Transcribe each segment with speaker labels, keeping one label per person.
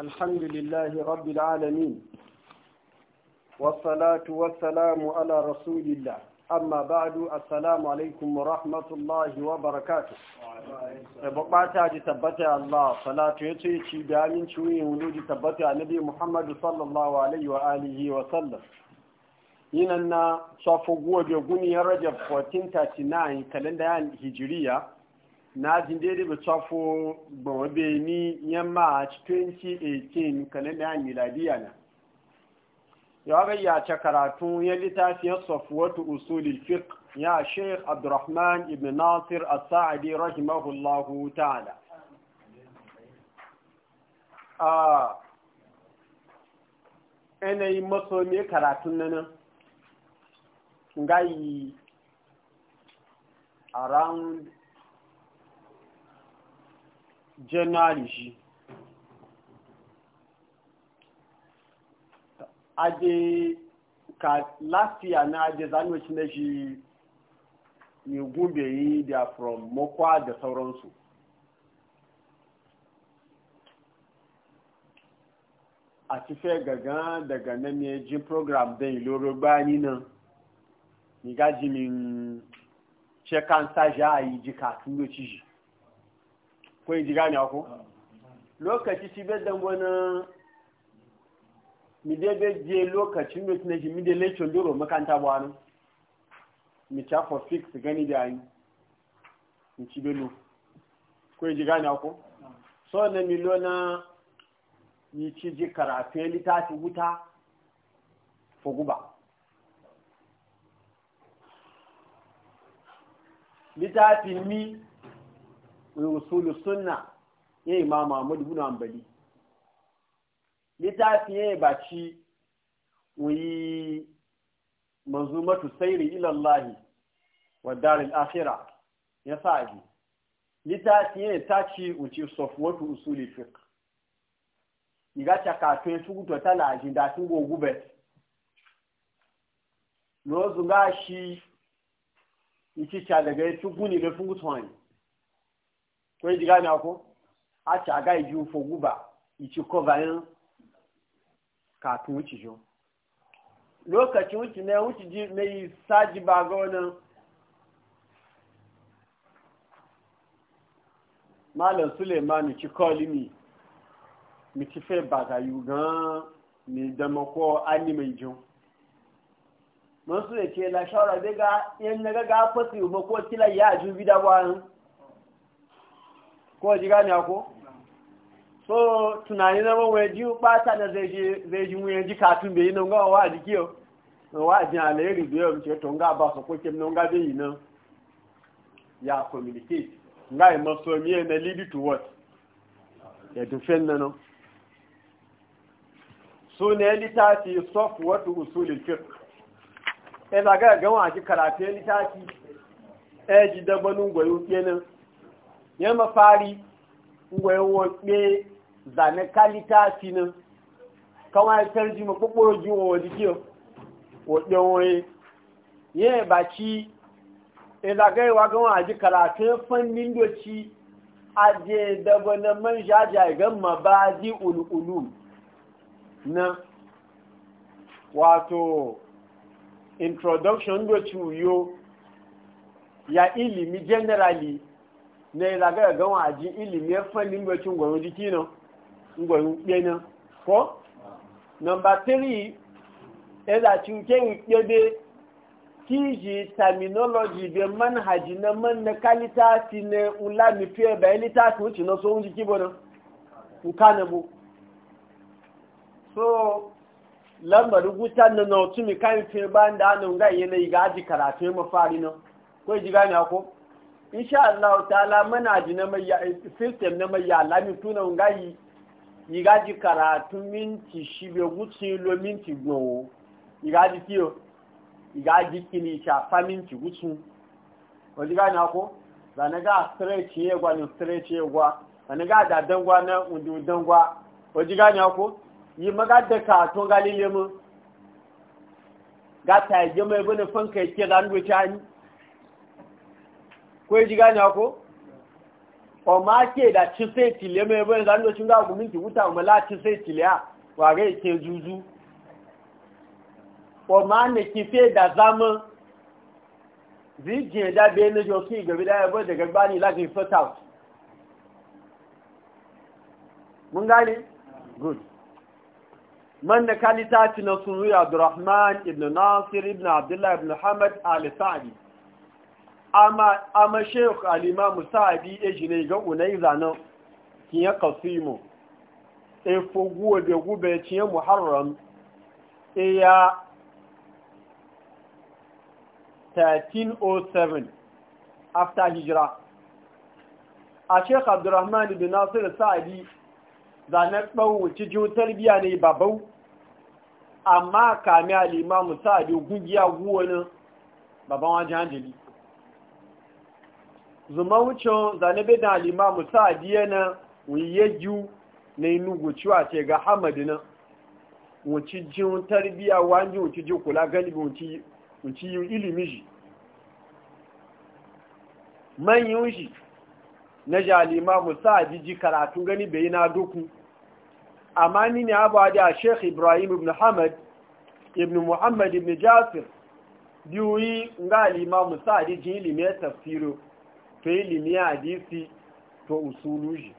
Speaker 1: الحمد لله رب العالمين والصلاة والسلام على رسول الله أما بعد السلام عليكم ورحمة الله وبركاته بقاتا تثبتها الله صلاة يتيتي بأمين شوي ولود تثبتها نبي محمد صلى الله عليه وآله وسلم يننا صفقوا بيقوني رجب 1439 كالندا هجرية na jin daidai ba ba gbọ̀nwọ́ ni ya march 2018 kalendar miladiya na ya gayyace karatu ya littafiyar safwatu usulil fiqh ya sheikh abdurrahman ibn nasir as-sa'di rahimahullahu ta'ala a yanayi maso ne karatu nan gayi around january shi ka last year na aje zanwich na shi ne gube yi da from mokwa da sauransu a ti fẹ́ gangan daga na mi ji program dẹ̀ ìloro gbá nínú nígájí mi ń ṣe ka àyíjí kàtúndó chiji ko yi jigani ku lokaci ci bai dan wani mi dai bai je lokacin da tunashi mi dai lecture duro makanta ba wani mi ta for fix gani da yi mi ci belu ko yi jigani ku so na milo yi ci ji karatu ya litafi wuta foguba litafi mi usul sunna ya imam Ahmad ibn ambali litafi ya yi baci wuyi manzu matu sairi ilallahi wa darin akhirah ya sa sa'i litafi ya yi wuce uci sofwatu usuli fiqh iga chakatwe tukuto talaji yi. gube daga ya ichi chadaga tukuni lefungu twani tó yẹ jìgá ní ọkọ́ àti àgá ìjú fogúbà ìtìkọ́bà yẹn kàtún ó ti yọ lokacin ji ne saji ba ga wannan malam suleiman ci kọli mi mi ti fẹ́ bàtà yìí gan-an ní ìdámọ́kọ́ ánìmẹ̀jọ́ mọ́sùlẹ̀ tí ẹ lásọ́rọ̀ gbẹ́gá yẹn na gágá pọ́sì ìmọ́kọ́ tílà yá ko ji gane ko so tunani na ba wai ji bata da zai je zai ji mun ji katun bai nan ga wa jiki yo wa ji aleri biyo mu ce to nga ba so ko kem nan ga bai nan ya communicate nga e so mi na lead to what ya defend nan so ne litafi safwatu usulil fiqh e da ga ga wa ji karatu litafi e ji dabanun goyo kenan ya mafari wewo pe zane kalita sinin kawai tarji ma kokoro ji wo dikio wo ya yi ba ci e da kai wa gan fannin doci je da bana man jaja gan ulu-ulu na wato introduction doci wuyo ya ilimi generally ne zaga ga wa ji ilimi ya fannin bacin gwaro jiki nan gwaro na ko number 3 ya zaci ke ɗebe kiji terminology da manhaji na man na kalita si ne ula mi fiye bayan litasi wuce na tsohon jiki bonan nka na bu so lambar rubuta na na otu mi kan fiye bayan da hannun ga yanayi ga aji karatu ya mafari nan ko ji gani ako insha Allah ta'ala muna ji na mai system na mai yalami tunan gayi igaji karatu minti shibe guci lo minti gbowo gaji ki ni kini fa minti ga na ko da na ga stretch gwa ni stretch yegwa zane ga da dangwa na undu dangwa ga na ko yi maga da katon galile mu ga ta yi mai bane fanka yake da an wuce hanyi ko ji gane ko o ma ke da ci sai tile mai bayan zan lokacin ga gumin ki wuta ma la ci sai tile wa ga ke juju o ma ne ki fe da zama zijin da be ne jo ki gabi da yabo daga bani la ki fit out mun gane good man da kalita ci na sunu abdurrahman ibn nasir ibn abdullah ibn hamad al-sa'di amma sheikh alimamu sa'adi e jine ga unai zanen kiye kasimu e foguwa da gube ciye muharram e ya 1307 after hijira a sheikh abdurrahman bin nasir sa'adi zanen ci jiun tarbiya ne babau amma kami alimamu sa'adi gungiya guwanin baban wajen hanjali zuma wucin zanabe da alimamu sa'adiyya na wuyayyu na inugu cewa ce ga hamadu na jin tarbiya wani jin kula galibi yiwu ilimi shi manyan shi na jalimamu ji karatu gani bai na duku amma ni ne abu da sheikh ibrahim ibn hamad ibn muhammad ibn jasir biyu yi ga alimamu sa'adiji ilimin tafsiru to ilimi hadisi to usuluji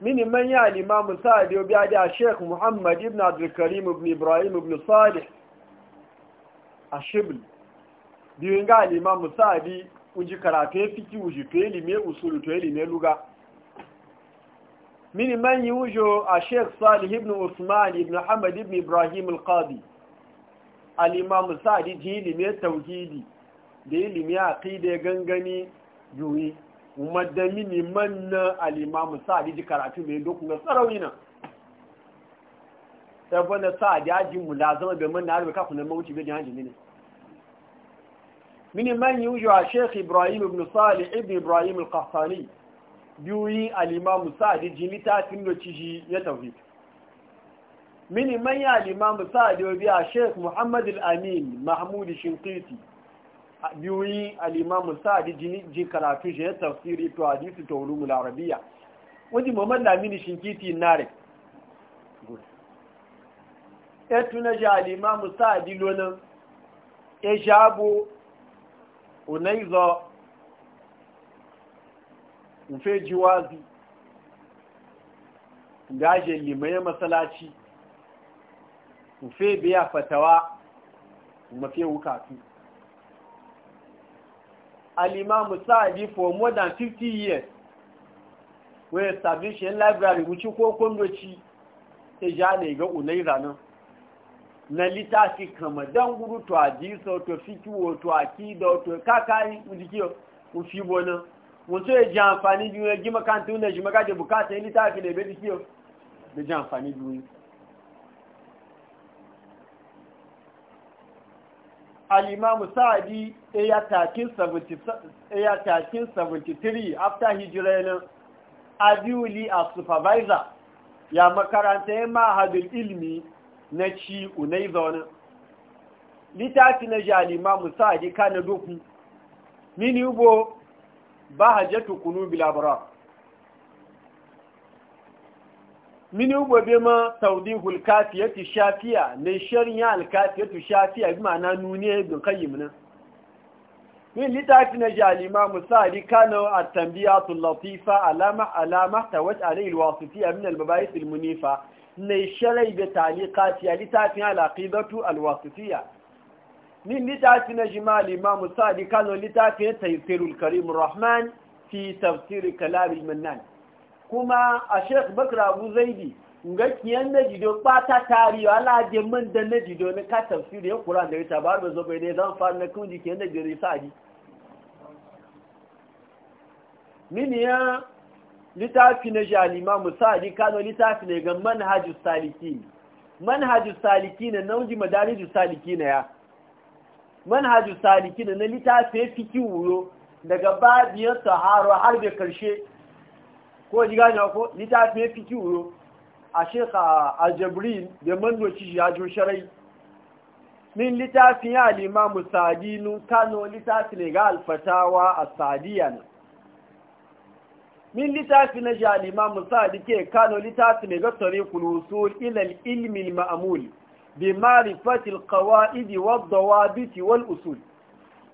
Speaker 1: mini man ya limamu sa'adi obi adi a sheikh muhammad ibn abdulkarim ibn ibrahim ibn salih a biyo biyun ga limamu sa'adi uji karatu ya fiki uji to ilimi usulu to ilimi luga mini man yi wujo a sheikh salih ibn usman ibn hamad ibn ibrahim al-qadi al-imamu sa'adi ji ilimi tauhidi da ilimi a kai da gangani yuyi madami ne man na alimamu sa'adi ji karatu mai doku na sarauni nan ɗabon da sa'adi ajin mu lazama bai man na harbe kafin nan mawuci bai jihajji ne mini man yi wujo sheikh ibrahim ibn salih ibn ibrahim al qasani biyu alimamu sa'adi ji littafin da ciji ya tafi mini man yi alimamu sa'adi wa biya sheikh Muhammadu al-amin mahmud shinkiti biyoyi al'imamu sa'adi ji karatu shi ya tafsiri to hadisi ta ulumul arabiya wajen mamman lamini shinkiti nare ya tuna shi al'imamu sa'adi lonin ya shago unaizo nfe jiwazi gashe limayen masalaci nfe biya fatawa mafi wukatu alimamu sa'adi for more than 50 years wey establish yin library wuce ko kundoci ta ja ne ga unai ranar na littafi kama don guru to ajiyarsa to fikiwo to akida to kakari jiki ofi bonan wato ya ji amfani biyu ya gima kanta wunan shi maka da bukata yin littafi da bai jiki da ji amfani biyu al'imamu sa'adi ya takin 73 after hijiranin adiuli a supervisor ya makaranta ya mahadin ilmi na ci unai zaune littafi na jalimamu sa'adi kanadoku na mini ugbo ba hajjatu kunu bilabara mini gobe ma taudihul kafiyatu shafiya ne shari'a al kafiyatu shafiya bi ma'ana nuni ibn qayyim ne min litafi na jalima musali kana at-tanbiyatu latifa alama alama tawaj alayhi al-wasifiyya min al-mabayith al-munifa ne sharai bi taliqat ya litafi al-aqidatu al-wasifiyya min litafi na jimal imam musali kana litafi tafsirul karim rahman fi tafsir kalam al-mannan kuma a shek bakra abu zaidi ga kiyan na jido bata tariyo alaje man da na jido na ka tafsiri ya kura da ita ba da zo bai ne zan fara na kun jikin da jiri sadi ji? ya littafi na jalima musadi kano littafi ne ga manhaju saliki manhaju saliki na nauji madariju saliki na ya manhaju saliki na na littafi ya fi wuro daga babiyar sahara har da karshe ko ji gane ko littafi ya fi kiwo a shekha a jabrin da mandoci ya jo sharai min littafin ya limamu sadinu kano littafi ne ga alfatawa a sadiya ne min littafi na ja limamu ke kano littafi ne ga tsare kulusul ilal ilmin ma'amul bi marifatil qawaidi wa dawabiti wal usul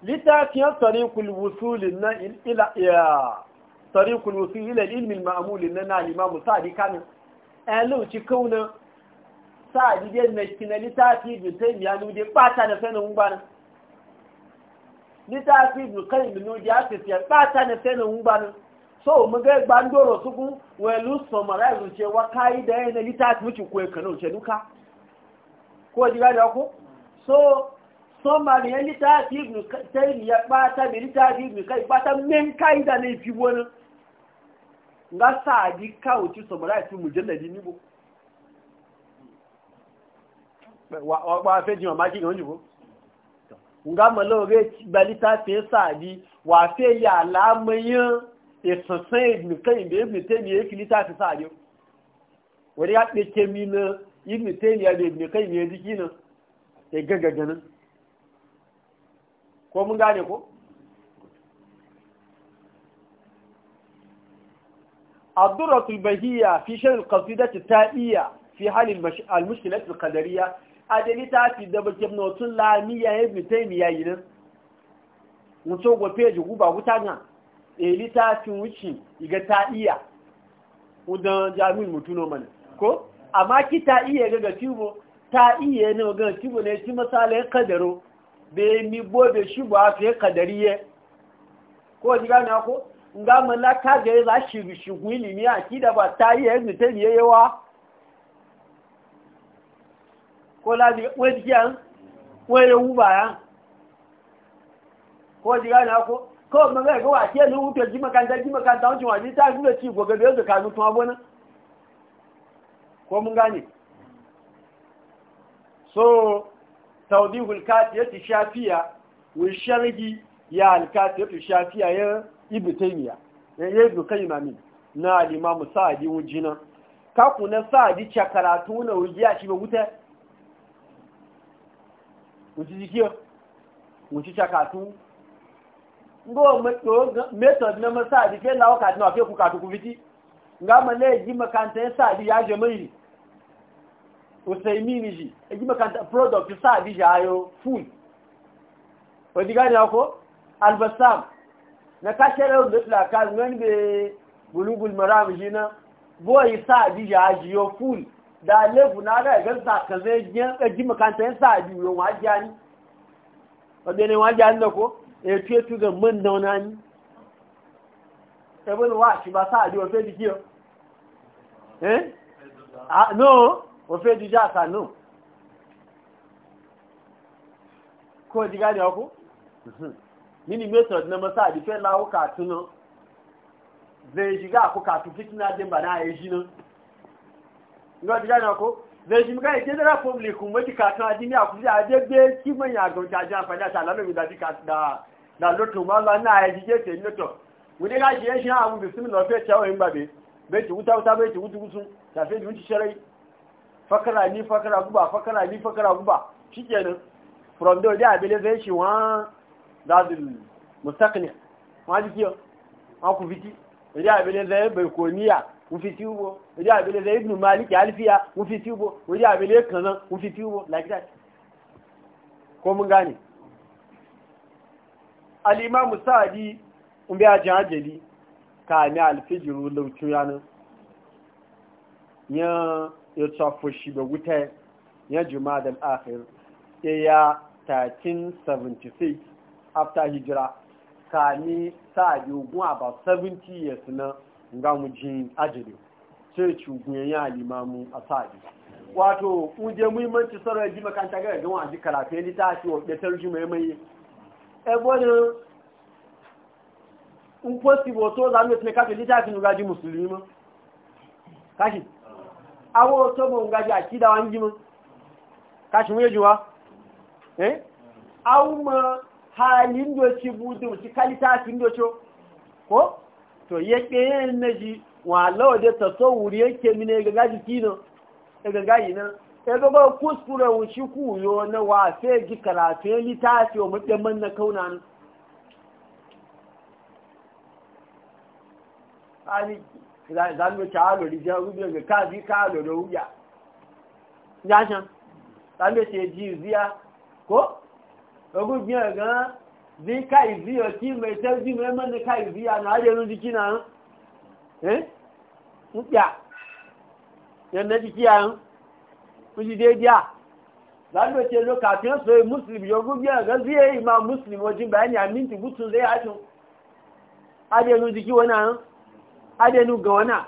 Speaker 1: littafin tsare kulusul na ila tariqul wusul ila ilmi al na nan al-imam sa'di kan alu ci kauna sa'di je na kina litafi bi ya nu de na sanin na litafi bi kai mi nu ja ce ya na sanin so mu ga gbandoro kun welu summarize wa kai da yana litafi mu ci kanu ce duka ko diga da ko so sọ́mà ní ẹni tàbí ìgbìmọ̀ tẹ́lì yẹ pátá mẹ́rin tàbí ìgbìmọ̀ káì pátá mẹ́rin káì dà ní nga sa'adi kawo ci samura fi mujalladi ni bo wa wa fe jima ma ki gan jibo nga ma lo re balita fe sa'adi wa fe ya la mayan e sansan ibn kan be ibn temi e filita fe sa'adi wori ya pe kemi na ibn temi ya be ibn kan ne dikina e, e gagaganan ko mun gane ko الضرة البهية في شأن القصيدة التائية في حال المش... المشكلة القدرية أدلي تأتي دبك ابن وطلع مية ابن تيمية ينم وطوق وفيج وقوبة وطانا إلي تأتي وشي إيجا تائية ودن جامل متونو من كو أما كي تائية غا تيبو تائية نو غا تيبو مسالة قدرو بي ميبو بي شبو قدرية كو جيغاني أخو nga ka ga za shi shi ilimi a kida ba ta yi yanzu ta biye yawa ko labi wani kiyan wani wuba ya ko jiga na ko ko maga ga wa ke lu to ji makanta ji makanta wancin waje ta zuwa ci goga da yanzu kanu tuma abona ko mun gane so tawdihul ti shafiya wa shargi ya al ti shafiya ya ibi taimiya ya yi ibn kayyim amin na alimamu sa'adi sa'di wujina kaku na sa'adi ce karatu na wujiya shi ba wuta wuci jikiyo wuci ce karatu ngo method na masa'di ke lawa ka na fe ku ka ku fiti nga male ji e makanta ya sa'di ya jama'i usaimini ji ji makanta product sa'di ja yo full wadi gani ako albasam na kashe da hudu tulaka wani bai gulugul maram shi na boye sa ajiya ajiyo ful da lefu na ga ga zaka zai yin kaji makanta yin sa ajiyo wa ajiya ni wadda ne wa ajiya ni da ko e tuye tu ga mun dauna ni ebon wa shi ba sa ajiyo fe dikiyo eh ah no o fe di ja sa no ko diga ni ako mini method na masa di fe lawo katu no zai shiga ko katu fitina din ba na yi e shi no ngo diga na ko zai shi muka ije e da public kuma ki katu adini a kuzi a de be ki man ya gon ta jan fa da ta lalo mi da di k'a da da lotu ma la na yi e je te lotu mu de ga je shi ha mu bismillah fe chawo in babe be ki wuta wuta be ki wutu wutu ta fe ji sharai fakara ni fakara guba fakara ni fakara guba shikenan from there da abele zai shi wa. zadul mustaqni ma ji kiyo ma ku fiti ya abin da bai koniya ku fiti ubo ya abin da ibn malik alfiya ku fiti ubo ya abin da kazan ku fiti ubo like that ko mun gane al-imam sa'di un bi ajajeli ka ni al-fijru laucu yana ya ya tsafo shi da wuta ya juma'a da akhir ya 1376 after hijira ka ni ta ogun about 70 years na nga mu jin ajiri sai ci ogun ya limamu a sa'adi wato kuje muhimmanci sarar ji makanta ga yadda wani karafe ni ta ce wadda tarji mai mai ẹgbọ́n ń pọ́ sí wọ́n tó zàmì òtún káfẹ́ ní táàfin ìgbàjí musulmi mọ́ káṣì awọ́ tó mọ̀ ìgbàjí àkídà wọ́n jí mọ́ káṣì wọ́n yé jù wá eh awọ́ mọ́ halin doci budu ci kalita fin doco ko to yake yin naji walawa da tasawuri yake mine ga gaji kino daga yi na? E, ga ba kuskure wuci kuyo na wa se gi karatu ya litafi wa mutumman na kauna ni ani zan mu talo di jaru bi ga ka bi ka lo do ya ya san zan ce ji ziya ko ogúnjẹ́ gan ní káìsí ọtí mẹ́tẹ́jú mẹ́mọ́ ní káìsí àná ajẹ́nu díkí náà ń pìà yẹnẹ́ díkí àrùn ń jí déédé à lágbèsè ló kàfíàn sọ èyí mùsùlùmí ogúnjẹ́ gan sí èyí máa mùsùlùmí ojú bàá ní àmì tìbú tún lé àtún ajẹ́nu díkí wọn náà ajẹ́nu gan wọn náà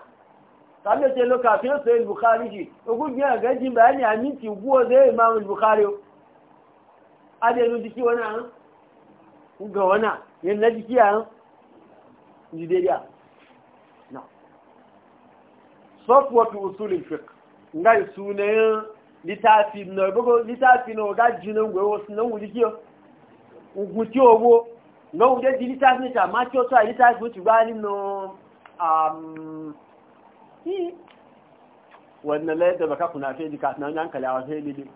Speaker 1: lágbèsè ló kàfíàn sọ èyí bùkárí jì ogúnjẹ́ gan jí bàá ní àmì tìbú ó lé ìmáàmù bùkárí adẹnu jiki wani ahun ga wana yin na jiki ahun nigeria na software usulin fiqh ngai sunayen litafi na gogo litafi na ga jinan gwe wasu nan wuri kiyo owo na wuri di litafi ta ma ki otu a litafi wuce ba ni no um wannan laye da baka kuna fe na kasna yan kalawa fe lili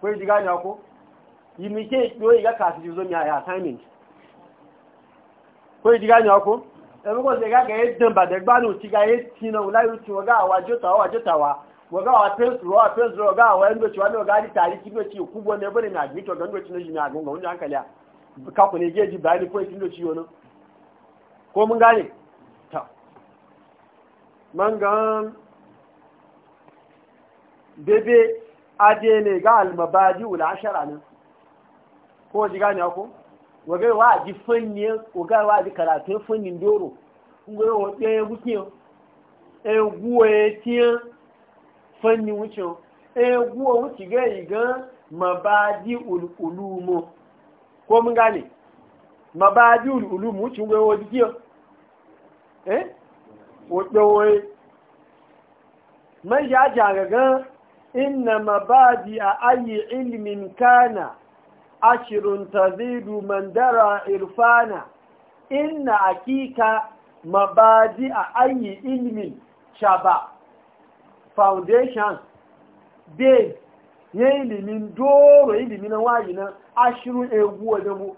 Speaker 1: kwai ji gane ko yi mike yo yi ga zo mi a assignment kwai ji gane ko ẹ̀rọ kọ́ ṣe gága ẹ̀ dán gba gbánù tí ga ẹ̀ tí náà láyé tí wọ́n gáà wá jótàwá wa ga wa gáà wá pẹ́sù rọ́ pẹ́sù rọ́ gáà wá ẹgbẹ́ wa wọ́n náà gáà tààrí kí ló ti kú bọ́ ní ẹgbẹ́ ní àgbẹ̀tọ̀ gan ló ti ní ìyá àgbọ̀ngàn ti aje ne ga almabadi wula ashara nan ko ji gane ko wagai wa ji fanni wagai wa ji karatu fannin doro ngoyo wo pe gukin e guwe tiyan fannin wucin e guwe wuci ga igan mabadi ululumu ko mun gane mabadi ululumu wucin ngoyo wo jikin eh wo pe wo mai ya jagagan inna mabadi a ayi ilmin kana ashirin tazidu mandara irfana inna akika mabadi a ayi ilmin shaba foundation base ya ilimin doro ilimin wayi nan ashirin egwu wajenmu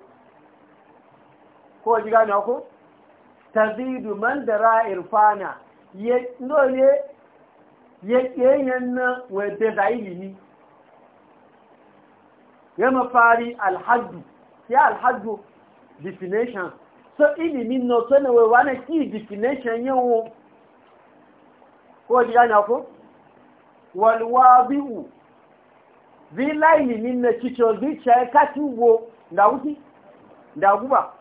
Speaker 1: ko ji gane ku tazidu mandara irfana ya nole yan nan wadda da ilimi ya mafari alhaddu ya alhaddu definition so ilimi na to na wewa na ki definition yawo ko ji gani ako walwabi'u zi laini ni na cicho zuciya ka tubo da wuti da guba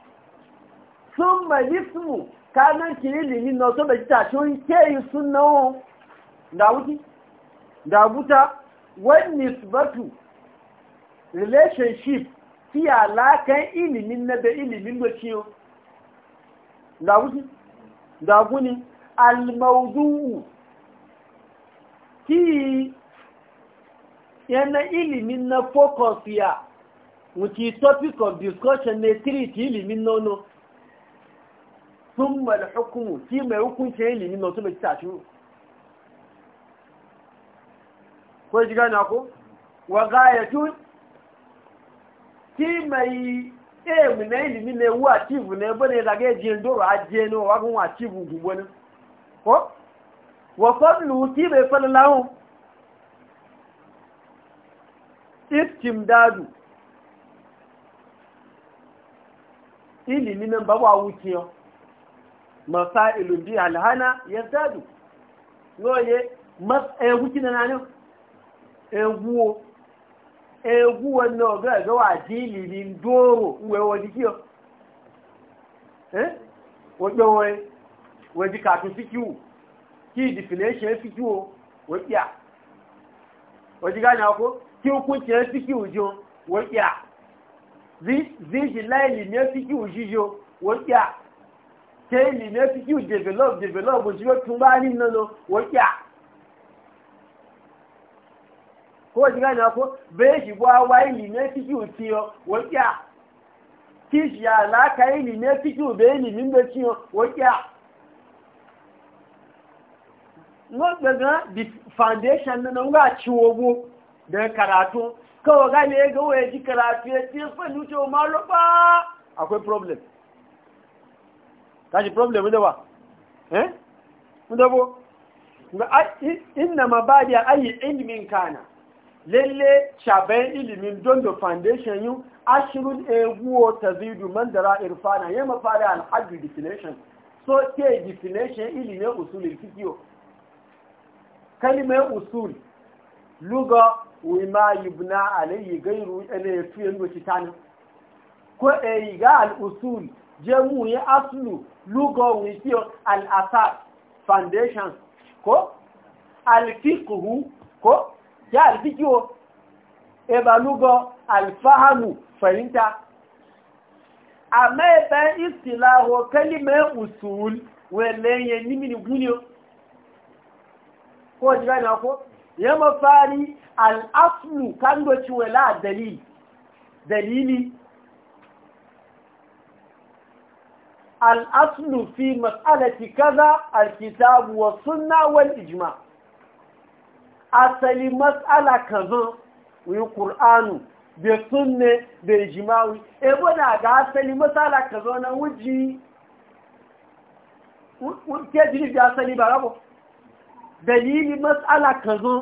Speaker 1: sun majismu kanan ki ilimi na to da jita shi ke yi sun nawo da wuti da buta wani nisbatu relationship fi alakan ilimin na da ilimin waciyo da wuti da guni almaudu'u fi yana ilimin na focus ya wuti topic of discussion na treat ilimin nono sun mal hukumu fi mai hukuncin ilimin na su mai tashi ko ji gane ko wa gayatun ti mai emu na ilimi na ewu achivu na ebe na ịzaga eji ndoro ajie na ụwa gụnwa achivu ugbo na ko wa fadlu ti mai fadlahu istimdadu ilimi na babu awukiyo masailu bi alhana yazdadu ngoye mas eh wukina na nan egwu egwu na oga ga wa jili ni doro uwe wadi eh wajo we to fikiu ki definition e fikiu wadia wadi na ko ki ku ti e fikiu jo wadia zi zi laili ni e fikiu jijo wadia ke ni ni fikiu develop develop o jiyo tun ni nono wadia ko shi gane ko bai shi gwa wa ilimi fiki uciyo wakiya kishi ya laka ilimi fiki ube ilimin da ciyo wakiya no daga the foundation na nan ga ciwo go da karatu kawai ga ne ga waye ji karatu ya ce fa ni ma roba akwai problem kaji problem da ba eh mun da bo inna mabadi ayi ilmin kana lele shabayin ilimin don da foundation yi ashirin eguwo ta zidu mandara irfana ya mafari alhaji definition so ke definition ilimin usulin fikiyo kalimar usul luga wima yubna alayhi gairu ne fiye da titanin ko e ga al-usul jemu ya aslu luga wikiyo al-asas foundation ko al ko ya e balugo alfahamu fahimta amma ebe istilaho kalima usul nimi ni gúnlẹ̀ ko jìrá ìrìn àkó yẹ mọ́ fari al'aflu kándoci wẹ̀ láà dalili aslu fi mas'alati kaza alkitabu wa sunna wal ijma' asali matsala kazan wuyi ƙur'anu da sunne da jimawi ebo na ga asali matsala kazan na wuji ke jini da asali ba rabo dalili matsala kazan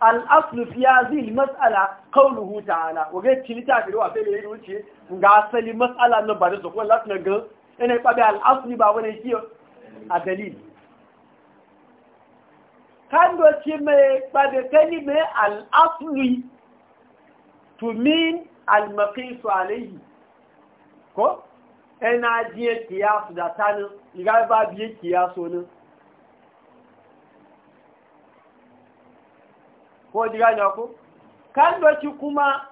Speaker 1: al'aslu fi yazi mas'ala qawluhu ta'ala wage kilita bi wa fe le wuce ga asali mas'ala nan ba da su latin latna ga ina ba bi ba wani kiyo a dalil kan doci mai kwadakali mai al'asuri to mean al-maqisu alayhi ko ina jiye kiyasu da tanin iga ba biye kiyasu ne ko jiga ne ku kan doci kuma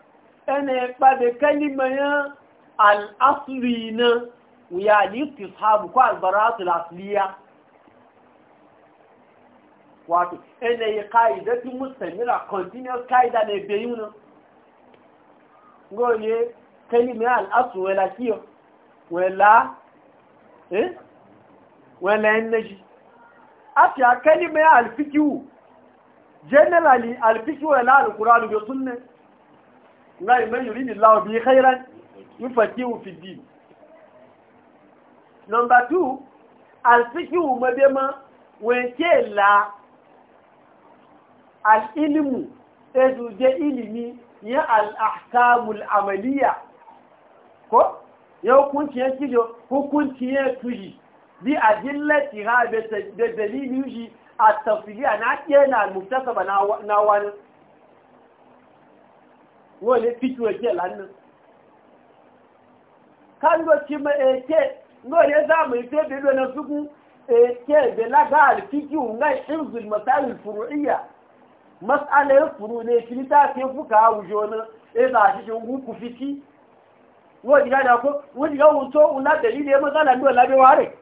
Speaker 1: ina kwadakali al' al'asuri na ويا الاستصحاب كو البراءه الاصليه wato ene yi ka'ida ti mustamira continuous ka'ida na ebe yi nan goye kalimi al'asu wela kiyo wela eh wela energy ati a kalimi alfikiwu generally alfikiwu wela alkuranu bi sunne ngai mai yuri ni lawo bi khairan yufakiwu fi din number two alfikihu ma wenke la al'ilimu ezuje ilimi ya al'ahkamul amaliya ko ya hukunci ya kijo hukunci ya tuji bi adillati ha da dalilin shi a tafsiriya na yana al-muktasaba na wani wani fito ya ke lannan kan doki ma ke ngo ne za mu ito da na suku e, ke da laga alfiki unga hizul masail furu'iyya mas'ala furu ne ta ke fuka wujo na e za shi shin ku fiki wo diga da ko wo diga wo to una dalili e masala ndo labe ware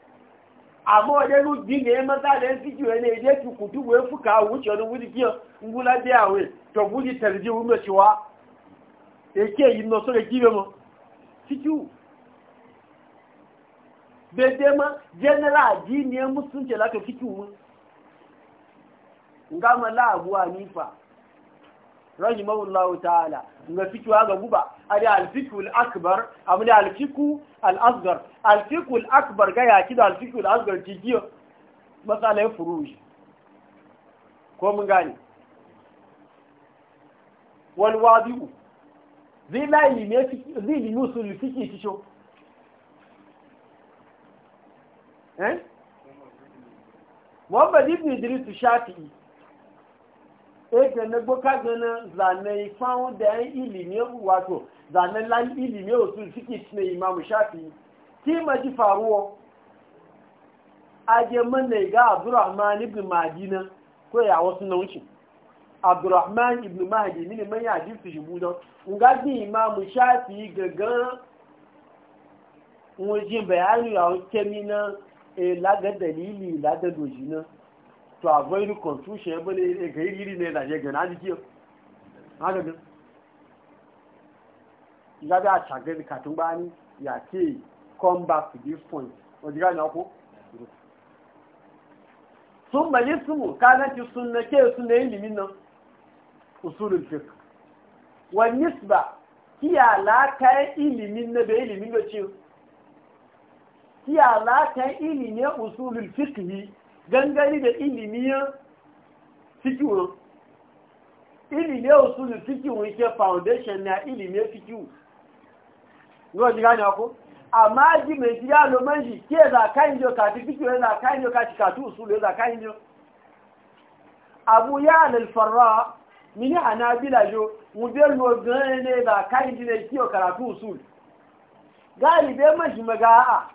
Speaker 1: amma wajen rubi ne masala en fiki ne je kutu we fuka kiyo awe to tarji e ke yin no so kibe mo fiki daidai ma general jiniyar musulunci laka cikin mu nga mala abuwa nifa rahimahullahu ta'ala nga fiku ga guba ada alfiku al-akbar amda alfiku al-asghar alfiku al-akbar ga ya kida alfiku al-asghar tijiyo masalai furuj ko mun gani Wani wadi'u zai la ilmi zai ilmi usul fiqi tisho eh muhammad ibn idris shafi'i ege na gboka gana zane fawon da yan ilimi wato zane lan ilimi otu suke na imamu shafi'i ti maji faruwa aje mana ga abdurrahman ibn madina ko ya wasu na abdurrahman ibn mahdi mini man ya nga bi shafi'i wajen bayani a kemi na e laga dalili laga doji na to avoid confusion ya bane e ga yiri ne da je gana jiki haka ne ya da chage ni katun bani ya ke come back to this point o diga ni ako sun bali sumu kaga ti sunna ke sunna ilimin nan usulul fiqh wa nisba ki la kai ilimin na be ilimin da ciwo ta alakan ilimin usulul fiqhi gangani da ilimin fiqhi ilimin usulul fiqhi wani ke foundation na ilimin fiqhi ngo ji gani ako amma ji me ji ya lo manji ke za kan jo ka ti fiqhi za kan jo ka ti ka tu usul za kan jo abu ya al farra mini bila jo mu be lo gane za kan ji ne ki karatu usul gari be manji maga'a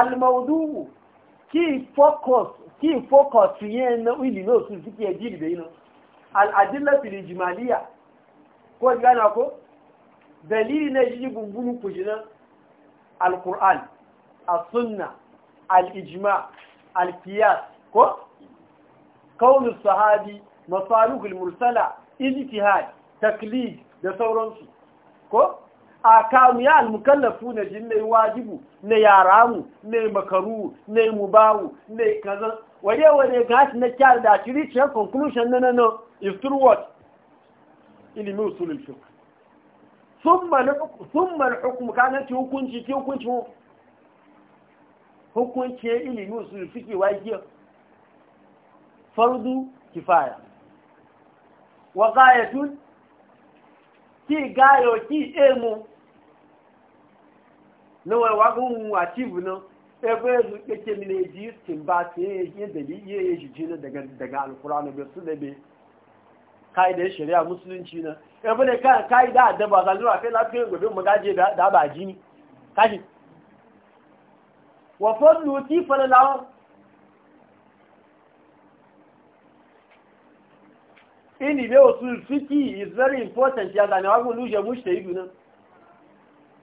Speaker 1: الموضوع كي فوكس كي فوكس يين ويلي نو سيكي اجيلي بينو الأدلة الإجمالية كوز كان أكو دليل نجي بمبونو كوجينا القرآن السنة الإجماع القياس كو قول الصحابي مصالوك المرسلة اجتهاد تكليد ده ثورانسي كو a kanu ya almukallafu na jin na wajibu na yara mu na makaru na mubawu na kaza wade wade ga shi na kyar da shi reach a conclusion na nan is through what ilimi usulul fiqh thumma thumma al-hukm kana ci hukunci ci hukunci hukunci ilimi usulul fiqh wajibi fardu kifaya wa ghayatun ki gayo ki emu na wani wagon achieve nan ebe yanzu yake e mine ji sin ba ta yi yin dalili ya yi shi na daga alkurana bai su da bai ka'idar shari'a musulunci na ebe ne kan ka'ida a daba zanen rafe lafiyar gobe mu gaje da ba jini kashi wa fallu ti falalawa ini bai wasu fiki is very important ya zane wagon luje mushi ta yi dunan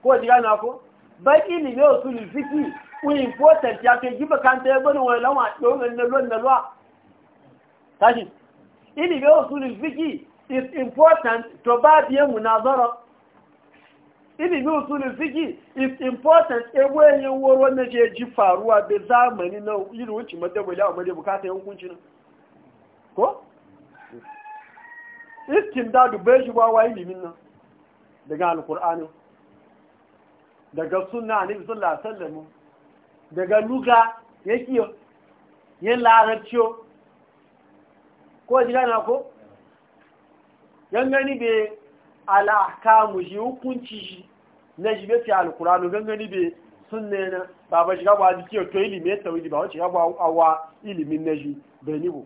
Speaker 1: ko jiga na ko baki ni yóò tún lè fi kí important ya kí jíbẹ̀ ká ń tẹ́ ẹgbẹ́ ni wọ́n lọ́wọ́ àti òun ẹni lọ́nà lọ́wọ́ tashi ili yóò tún lè fi is important to bá bí ẹ̀mù náà zọ́rọ̀ ili yóò tún lè fi kí is important ewé ẹni wọ́rọ̀ na ṣe ji faruwa bẹ zamani na ilu wuce madabali a madabu ka ta yi hukunci na ko? istin da dubai shi ba wa ilimin na daga alkur'anin daga suna annabi sallallahu alaihi wasallam daga luga yake yin larabciyo ko ji na ko gangani be mu shi hukunci shi na shi beti alkuranu gangani be sunne na baba shiga ba jiki to ilimin ya tawili ba wacce ya ba awa ilimin na shi benigo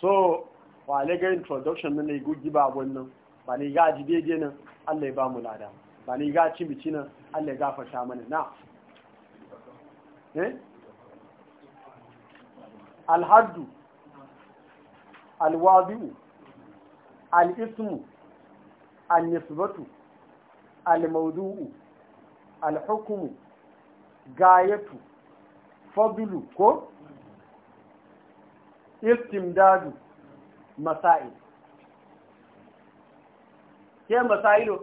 Speaker 1: so wa alega introduction na na igogi ba wannan ba na ga ji daidai nan allah ya ba mu lada ba ga ci bici nan Allah gafarta mana na eh alhaddu alwadi'u al'ismu al-nisbatu al-maudu'u al-hukumu gayatu fadlu ko istimdadu masail ke masailo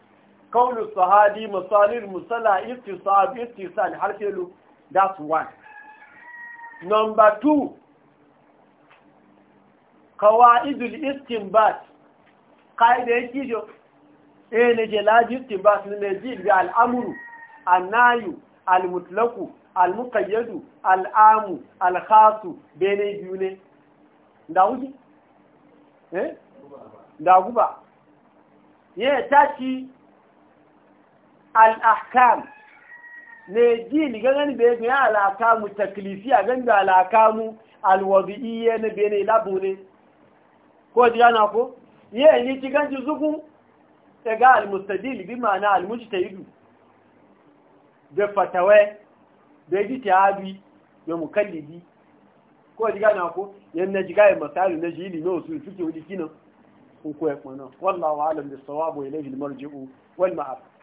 Speaker 1: kaulu sahadi, masalir musala istisab istisal har felu that's one number two kawaidul istinbat kaida yake jo eh ne je laji istinbat ne ji bi al'amru annayu al-mutlaqu al-muqayyadu al-amu al-khasu bene biyu ne da wuji eh da guba ye tashi al'akam ne ji liga gani ya gani al'akamu taklifiya gani da al'akamu iye na bene labu ne ko ji yana ko yi ni ci ganci zuku e ga al-mustadil bi ma'ana al idu da fatawai da ji abi da mukallidi ko ji gana ko yan na ji gaya e masalu na ji ilimin osu suke wuli kinan ko ko ya e kwanan wallawa alam da sawabu ilaihi al-marji'u wal ma'af